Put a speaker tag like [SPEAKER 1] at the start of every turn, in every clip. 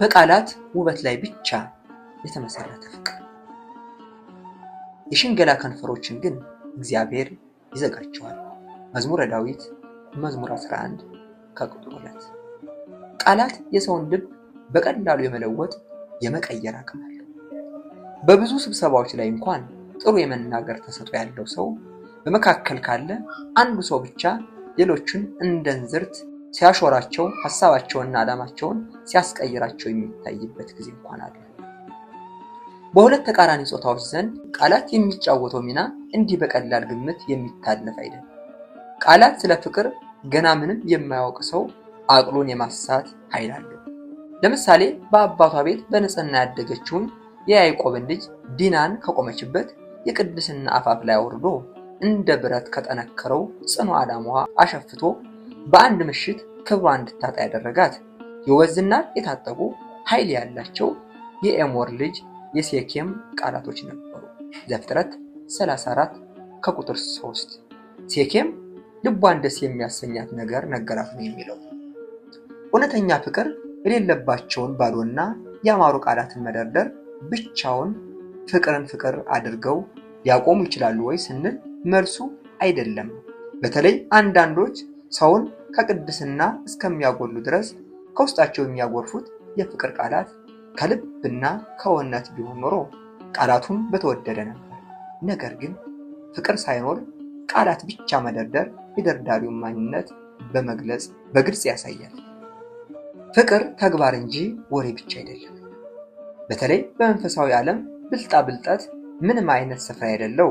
[SPEAKER 1] በቃላት ውበት ላይ ብቻ የተመሰረተ ፍቅር። የሽንገላ ከንፈሮችን ግን እግዚአብሔር ይዘጋቸዋል። መዝሙረ ዳዊት መዝሙር 11 ከቁጥር 2 ቃላት የሰውን ልብ በቀላሉ የመለወጥ የመቀየር አቅም አለው። በብዙ ስብሰባዎች ላይ እንኳን ጥሩ የመናገር ተሰጥኦ ያለው ሰው በመካከል ካለ አንዱ ሰው ብቻ ሌሎቹን እንደ እንዝርት ሲያሾራቸው ሀሳባቸውንና ዓላማቸውን ሲያስቀይራቸው የሚታይበት ጊዜ እንኳን አለ። በሁለት ተቃራኒ ጾታዎች ዘንድ ቃላት የሚጫወተው ሚና እንዲህ በቀላል ግምት የሚታለፍ አይደለም። ቃላት ስለ ፍቅር ገና ምንም የማያውቅ ሰው አቅሉን የማሳት ኃይል አለው። ለምሳሌ በአባቷ ቤት በንጽህና ያደገችውን የያዕቆብን ልጅ ዲናን ከቆመችበት የቅድስና አፋፍ ላይ አውርዶ እንደ ብረት ከጠነከረው ጽኑ ዓላማዋ አሸፍቶ በአንድ ምሽት ክብሯን እንድታጣ ያደረጋት የወዝና የታጠቁ ኃይል ያላቸው የኤሞር ልጅ የሴኬም ቃላቶች ነበሩ። ዘፍጥረት 34 ከቁጥር 3 ሴኬም ልቧን ደስ የሚያሰኛት ነገር ነገራት ነው የሚለው። እውነተኛ ፍቅር የሌለባቸውን ባዶና ያማሩ ቃላትን መደርደር ብቻውን ፍቅርን ፍቅር አድርገው ሊያቆሙ ይችላሉ ወይ ስንል መልሱ አይደለም። በተለይ አንዳንዶች ሰውን ከቅድስና እስከሚያጎሉ ድረስ ከውስጣቸው የሚያጎርፉት የፍቅር ቃላት ከልብና ከእውነት ቢሆን ኖሮ ቃላቱም በተወደደ ነበር። ነገር ግን ፍቅር ሳይኖር ቃላት ብቻ መደርደር የደርዳሪውን ማንነት በመግለጽ በግልጽ ያሳያል። ፍቅር ተግባር እንጂ ወሬ ብቻ አይደለም። በተለይ በመንፈሳዊ ዓለም ብልጣ ብልጠት ምንም አይነት ስፍራ የሌለው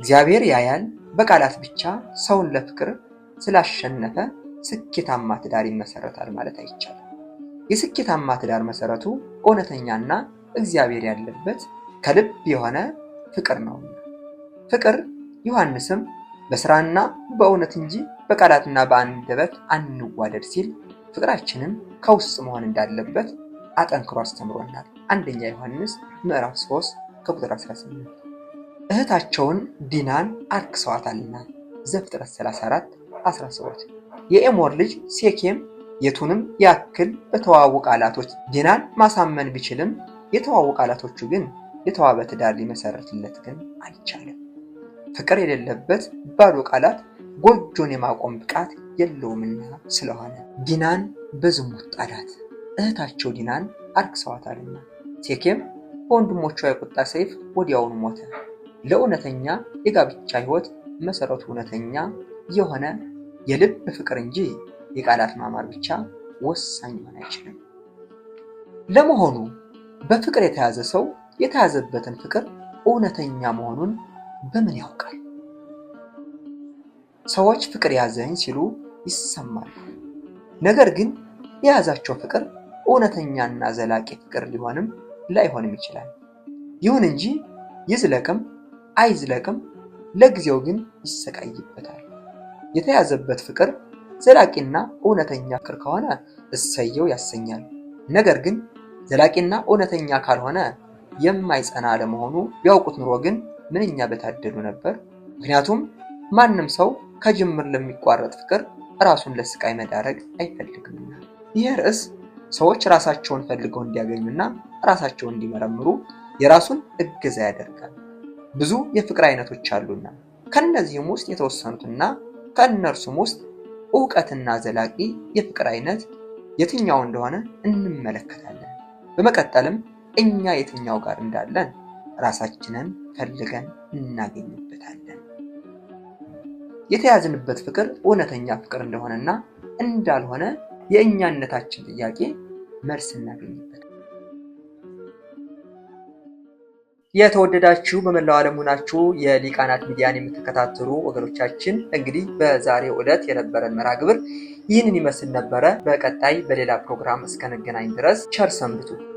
[SPEAKER 1] እግዚአብሔር ያያል በቃላት ብቻ ሰውን ለፍቅር ስላሸነፈ ስኬታማ ትዳር ይመሰረታል ማለት አይቻልም። የስኬታማ ትዳር መሰረቱ እውነተኛና እግዚአብሔር ያለበት ከልብ የሆነ ፍቅር ነው። ፍቅር ዮሐንስም በስራና በእውነት እንጂ በቃላትና በአንደበት አንዋደድ ሲል ፍቅራችንም ከውስጥ መሆን እንዳለበት አጠንክሮ አስተምሮናል። አንደኛ ዮሐንስ ምዕራፍ 3 ከቁጥር 18 እህታቸውን ዲናን አርክሰዋታልና ዘፍጥረት 34 17 የኤሞር ልጅ ሴኬም የቱንም ያክል በተዋቡ ቃላቶች ዲናን ማሳመን ቢችልም የተዋቡ ቃላቶቹ ግን የተዋበ ትዳር ሊመሰረትለት ግን አይቻልም። ፍቅር የሌለበት ባዶ ቃላት ጎጆን የማቆም ብቃት የለውምና ስለሆነ ዲናን በዝሙት ጣዳት። እህታቸው ዲናን አርክሰዋታልና ሴኬም በወንድሞቿ የቁጣ ሰይፍ ወዲያውኑ ሞተ። ለእውነተኛ የጋብቻ ሕይወት መሰረቱ እውነተኛ የሆነ የልብ ፍቅር እንጂ የቃላት ማማር ብቻ ወሳኝ ሊሆን አይችልም። ለመሆኑ በፍቅር የተያዘ ሰው የተያዘበትን ፍቅር እውነተኛ መሆኑን በምን ያውቃል? ሰዎች ፍቅር ያዘኝ ሲሉ ይሰማሉ። ነገር ግን የያዛቸው ፍቅር እውነተኛና ዘላቂ ፍቅር ሊሆንም ላይሆንም ይችላል። ይሁን እንጂ ይዝለቅም አይዝለቅም ለጊዜው ግን ይሰቃይበታል። የተያዘበት ፍቅር ዘላቂና እውነተኛ ፍቅር ከሆነ እሰየው ያሰኛል። ነገር ግን ዘላቂና እውነተኛ ካልሆነ የማይጸና ለመሆኑ ቢያውቁት ኑሮ ግን ምንኛ በታደሉ ነበር። ምክንያቱም ማንም ሰው ከጅምር ለሚቋረጥ ፍቅር ራሱን ለስቃይ መዳረግ አይፈልግምና። ይህ ርዕስ ሰዎች ራሳቸውን ፈልገው እንዲያገኙና ራሳቸውን እንዲመረምሩ የራሱን እገዛ ያደርጋል። ብዙ የፍቅር አይነቶች አሉና ከእነዚህም ውስጥ የተወሰኑትና ከእነርሱም ውስጥ ዕውቀትና ዘላቂ የፍቅር አይነት የትኛው እንደሆነ እንመለከታለን። በመቀጠልም እኛ የትኛው ጋር እንዳለን ራሳችንን ፈልገን እናገኝበታለን። የተያዝንበት ፍቅር እውነተኛ ፍቅር እንደሆነና እንዳልሆነ የእኛነታችን ጥያቄ መልስ እናገኝበታል። የተወደዳችሁ በመላው ዓለም ሆናችሁ የሊቃናት ሚዲያን የምትከታተሉ ወገኖቻችን እንግዲህ በዛሬው ዕለት የነበረን መርሃ ግብር ይህንን ይመስል ነበረ። በቀጣይ በሌላ ፕሮግራም ነገናኝ ድረስ ቸር ሰንብቱ።